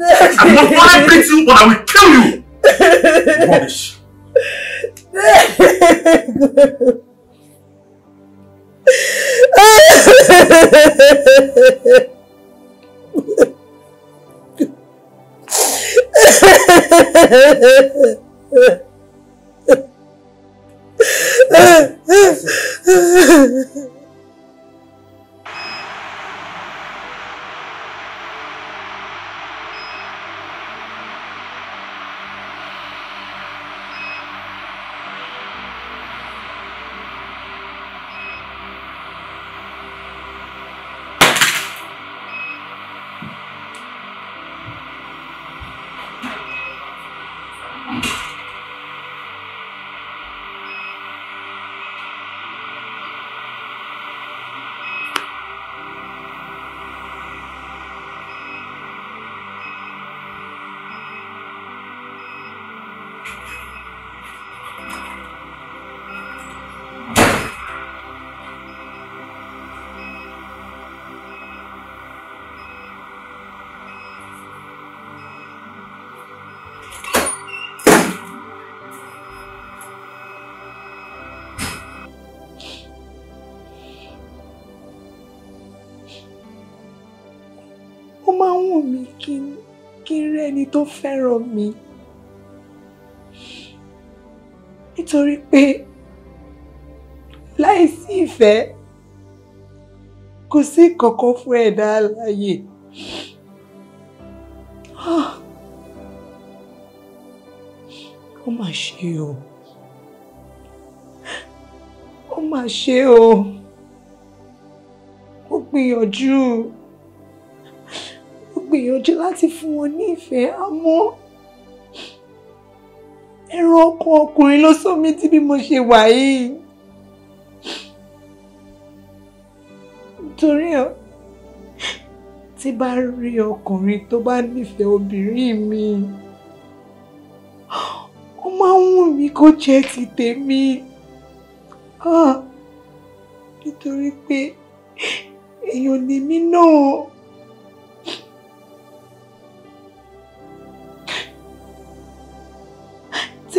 ẹni tó fẹ́ràn mi nítorí pé láìsí ìfẹ́ kò sí kankan fún ẹ̀dá alààyè. Ah! ó mà ṣe o ó mà ṣe o ó gbìyànjú gbìyànjú láti fún wọn ní ìfẹ́ àmọ́ ẹran ọkọ ọkùnrin ló sọ mí tí bí mo ṣe wà yìí. nítorí ọ tí bá rí ọkùnrin tó bá nífẹ̀ẹ́ obìnrin mi ó máa ń wù mí kó jẹ́ ti tèmi ah, nítorí pé èèyàn ni mí náà.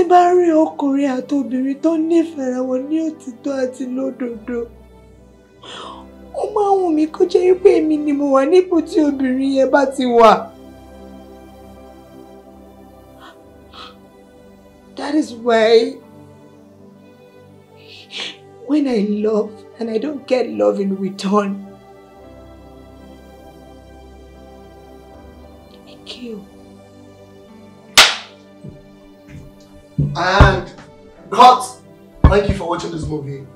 bá rí ọkùnrin àti obìnrin tó nífẹ̀ẹ́ wọn ní òtítọ́ àti lódodo ó máa ń wù mí kó jẹ́ pé èmi ni mo wà nípò tí obìnrin yẹn bá ti wà. That is why when I love and I don't get love in return. and God, Thank you for watching this movie.